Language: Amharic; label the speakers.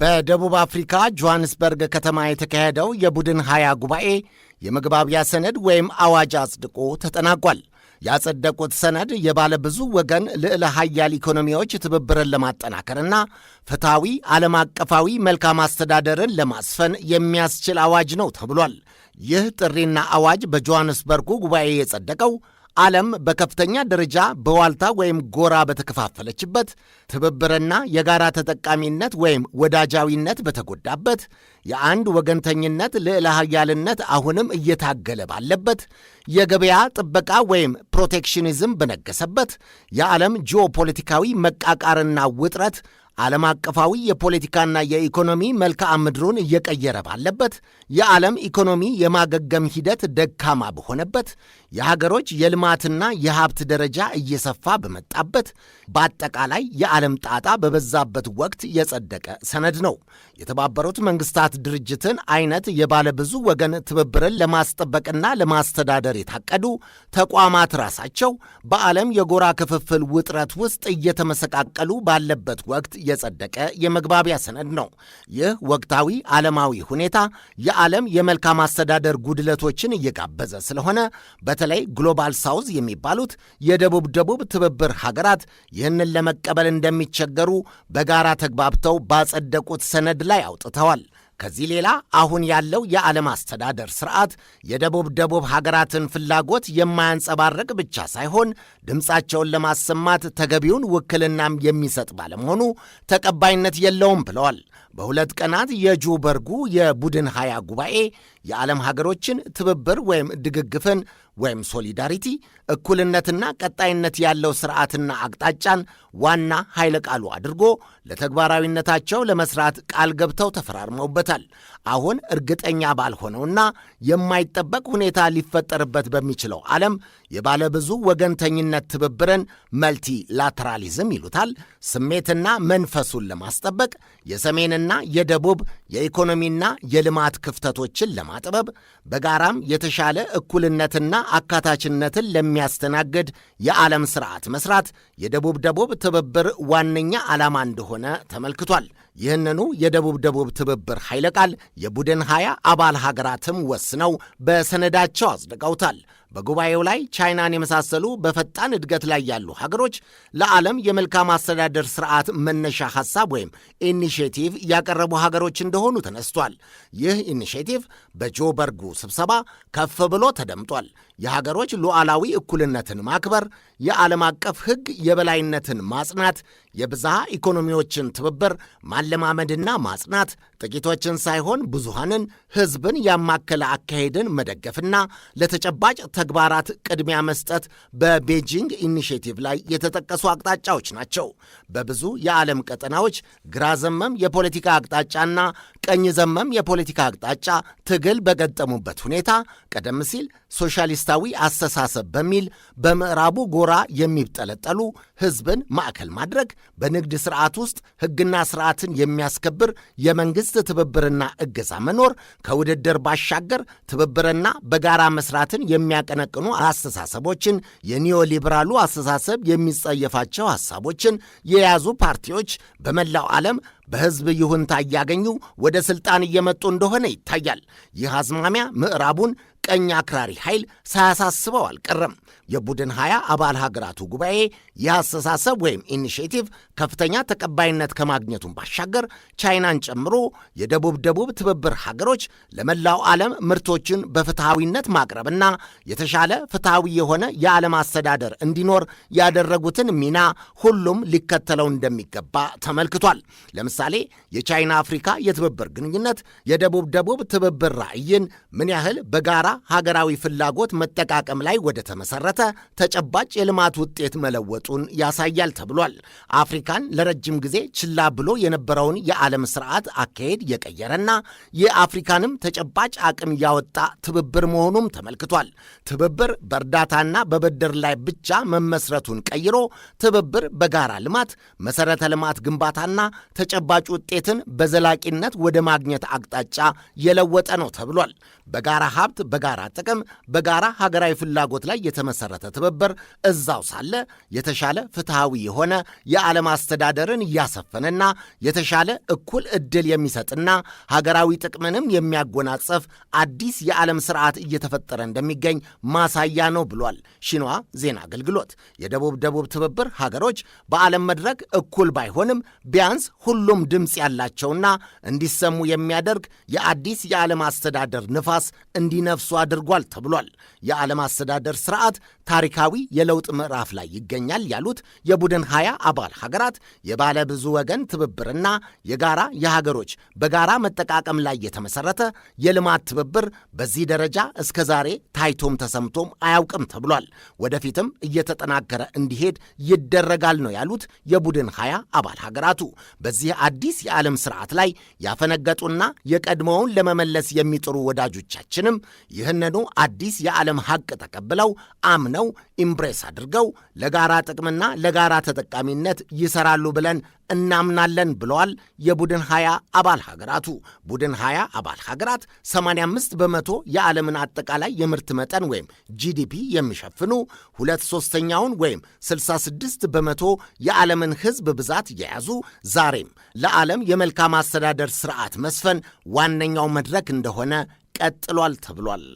Speaker 1: በደቡብ አፍሪካ ጆሐንስበርግ ከተማ የተካሄደው የቡድን ሀያ ጉባኤ የመግባቢያ ሰነድ ወይም አዋጅ አጽድቆ ተጠናቋል። ያጸደቁት ሰነድ የባለ ብዙ ወገን ልዕለ ሀያል ኢኮኖሚዎች ትብብርን ለማጠናከርና ፍትሐዊ ዓለም አቀፋዊ መልካም አስተዳደርን ለማስፈን የሚያስችል አዋጅ ነው ተብሏል። ይህ ጥሪና አዋጅ በጆሐንስበርጉ ጉባኤ የጸደቀው ዓለም በከፍተኛ ደረጃ በዋልታ ወይም ጎራ በተከፋፈለችበት፣ ትብብርና የጋራ ተጠቃሚነት ወይም ወዳጃዊነት በተጎዳበት፣ የአንድ ወገንተኝነት ልዕለ ኃያልነት አሁንም እየታገለ ባለበት፣ የገበያ ጥበቃ ወይም ፕሮቴክሽኒዝም በነገሰበት፣ የዓለም ጂኦፖለቲካዊ መቃቃርና ውጥረት ዓለም አቀፋዊ የፖለቲካና የኢኮኖሚ መልክዓ ምድሩን እየቀየረ ባለበት፣ የዓለም ኢኮኖሚ የማገገም ሂደት ደካማ በሆነበት፣ የሀገሮች የልማትና የሀብት ደረጃ እየሰፋ በመጣበት፣ በአጠቃላይ የዓለም ጣጣ በበዛበት ወቅት የጸደቀ ሰነድ ነው። የተባበሩት መንግስታት ድርጅትን አይነት የባለብዙ ወገን ትብብርን ለማስጠበቅና ለማስተዳደር የታቀዱ ተቋማት ራሳቸው በዓለም የጎራ ክፍፍል ውጥረት ውስጥ እየተመሰቃቀሉ ባለበት ወቅት የጸደቀ የመግባቢያ ሰነድ ነው። ይህ ወቅታዊ ዓለማዊ ሁኔታ የዓለም የመልካም አስተዳደር ጉድለቶችን እየጋበዘ ስለሆነ በተለይ ግሎባል ሳውዝ የሚባሉት የደቡብ ደቡብ ትብብር ሀገራት ይህንን ለመቀበል እንደሚቸገሩ በጋራ ተግባብተው ባጸደቁት ሰነድ ላይ አውጥተዋል። ከዚህ ሌላ አሁን ያለው የዓለም አስተዳደር ስርዓት የደቡብ ደቡብ ሀገራትን ፍላጎት የማያንጸባርቅ ብቻ ሳይሆን ድምፃቸውን ለማሰማት ተገቢውን ውክልናም የሚሰጥ ባለመሆኑ ተቀባይነት የለውም ብለዋል። በሁለት ቀናት የጁበርጉ የቡድን ሀያ ጉባኤ የዓለም ሀገሮችን ትብብር ወይም ድግግፍን ወይም ሶሊዳሪቲ እኩልነትና ቀጣይነት ያለው ስርዓትና አቅጣጫን ዋና ኃይለ ቃሉ አድርጎ ለተግባራዊነታቸው ለመስራት ቃል ገብተው ተፈራርመውበታል። አሁን እርግጠኛ ባልሆነውና የማይጠበቅ ሁኔታ ሊፈጠርበት በሚችለው ዓለም የባለብዙ ወገንተኝነት ትብብርን መልቲ ላተራሊዝም ይሉታል ስሜትና መንፈሱን ለማስጠበቅ የሰሜንና የደቡብ የኢኮኖሚና የልማት ክፍተቶችን ለማጥበብ በጋራም የተሻለ እኩልነትና አካታችነትን ለሚያስተናግድ የዓለም ስርዓት መስራት የደቡብ ደቡብ ትብብር ዋነኛ ዓላማ እንደሆነ ተመልክቷል። ይህንኑ የደቡብ ደቡብ ትብብር ኃይለ ቃል የቡድን ሀያ አባል ሀገራትም ወስነው በሰነዳቸው አጽድቀውታል። በጉባኤው ላይ ቻይናን የመሳሰሉ በፈጣን እድገት ላይ ያሉ ሀገሮች ለዓለም የመልካም አስተዳደር ስርዓት መነሻ ሐሳብ ወይም ኢኒሽቲቭ ያቀረቡ ሀገሮች እንደሆኑ ተነስቷል። ይህ ኢኒሽቲቭ በጆበርጉ ስብሰባ ከፍ ብሎ ተደምጧል። የሀገሮች ሉዓላዊ እኩልነትን ማክበር፣ የዓለም አቀፍ ሕግ የበላይነትን ማጽናት፣ የብዝሃ ኢኮኖሚዎችን ትብብር ማለማመድና ማጽናት፣ ጥቂቶችን ሳይሆን ብዙሃንን ሕዝብን ያማከለ አካሄድን መደገፍና ለተጨባጭ ተግባራት ቅድሚያ መስጠት በቤጂንግ ኢኒሽቲቭ ላይ የተጠቀሱ አቅጣጫዎች ናቸው። በብዙ የዓለም ቀጠናዎች ግራ ዘመም የፖለቲካ አቅጣጫና ቀኝ ዘመም የፖለቲካ አቅጣጫ ትግል በገጠሙበት ሁኔታ ቀደም ሲል ሶሻሊስታዊ አስተሳሰብ በሚል በምዕራቡ ጎራ የሚጠለጠሉ ሕዝብን ማዕከል ማድረግ በንግድ ስርዓት ውስጥ ሕግና ስርዓትን የሚያስከብር የመንግሥት ትብብርና እገዛ መኖር ከውድድር ባሻገር ትብብርና በጋራ መስራትን የሚያቀነቅኑ አስተሳሰቦችን የኒዮሊብራሉ አስተሳሰብ የሚጸየፋቸው ሐሳቦችን የያዙ ፓርቲዎች በመላው ዓለም በሕዝብ ይሁንታ እያገኙ ወደ ሥልጣን እየመጡ እንደሆነ ይታያል። ይህ አዝማሚያ ምዕራቡን ቀኝ አክራሪ ኃይል ሳያሳስበው አልቀረም። የቡድን ሀያ አባል ሀገራቱ ጉባኤ የአስተሳሰብ ወይም ኢኒሽቲቭ ከፍተኛ ተቀባይነት ከማግኘቱን ባሻገር ቻይናን ጨምሮ የደቡብ ደቡብ ትብብር ሀገሮች ለመላው ዓለም ምርቶችን በፍትሐዊነት ማቅረብና የተሻለ ፍትሐዊ የሆነ የዓለም አስተዳደር እንዲኖር ያደረጉትን ሚና ሁሉም ሊከተለው እንደሚገባ ተመልክቷል። ለምሳሌ የቻይና አፍሪካ የትብብር ግንኙነት የደቡብ ደቡብ ትብብር ራዕይን ምን ያህል በጋራ ሀገራዊ ፍላጎት መጠቃቀም ላይ ወደ ተመሰረተ ተጨባጭ የልማት ውጤት መለወጡን ያሳያል ተብሏል። አፍሪካን ለረጅም ጊዜ ችላ ብሎ የነበረውን የዓለም ስርዓት አካሄድ የቀየረና የአፍሪካንም ተጨባጭ አቅም ያወጣ ትብብር መሆኑም ተመልክቷል። ትብብር በእርዳታና በብድር ላይ ብቻ መመስረቱን ቀይሮ ትብብር በጋራ ልማት፣ መሰረተ ልማት ግንባታና ተጨባጭ ውጤትን በዘላቂነት ወደ ማግኘት አቅጣጫ የለወጠ ነው ተብሏል። በጋራ ሀብት በጋራ ጥቅም፣ በጋራ ሀገራዊ ፍላጎት ላይ የተመሰረተ ትብብር እዛው ሳለ የተሻለ ፍትሐዊ የሆነ የዓለም አስተዳደርን እያሰፈነና የተሻለ እኩል ዕድል የሚሰጥና ሀገራዊ ጥቅምንም የሚያጎናጸፍ አዲስ የዓለም ስርዓት እየተፈጠረ እንደሚገኝ ማሳያ ነው ብሏል ሺንዋ ዜና አገልግሎት። የደቡብ ደቡብ ትብብር ሀገሮች በዓለም መድረክ እኩል ባይሆንም ቢያንስ ሁሉም ድምፅ ያላቸውና እንዲሰሙ የሚያደርግ የአዲስ የዓለም አስተዳደር ንፋስ እንዲነፍሱ አድርጓል ተብሏል። የዓለም አስተዳደር ስርዓት ታሪካዊ የለውጥ ምዕራፍ ላይ ይገኛል ያሉት የቡድን ሀያ አባል ሀገራት የባለ ብዙ ወገን ትብብርና የጋራ የሀገሮች በጋራ መጠቃቀም ላይ የተመሰረተ የልማት ትብብር በዚህ ደረጃ እስከ ዛሬ ታይቶም ተሰምቶም አያውቅም ተብሏል። ወደፊትም እየተጠናከረ እንዲሄድ ይደረጋል ነው ያሉት የቡድን ሀያ አባል ሀገራቱ በዚህ አዲስ የዓለም ስርዓት ላይ ያፈነገጡና የቀድሞውን ለመመለስ የሚጥሩ ወዳጆቻችንም ይህንኑ አዲስ የዓለም ሀቅ ተቀብለው አምነው ኢምፕሬስ አድርገው ለጋራ ጥቅምና ለጋራ ተጠቃሚነት ይሰራሉ ብለን እናምናለን ብለዋል የቡድን ሀያ አባል ሀገራቱ። ቡድን ሀያ አባል ሀገራት 85 በመቶ የዓለምን አጠቃላይ የምርት መጠን ወይም ጂዲፒ የሚሸፍኑ ሁለት ሶስተኛውን ወይም 66 በመቶ የዓለምን ሕዝብ ብዛት የያዙ ዛሬም ለዓለም የመልካም አስተዳደር ስርዓት መስፈን ዋነኛው መድረክ እንደሆነ ቀጥሏል ተብሏል።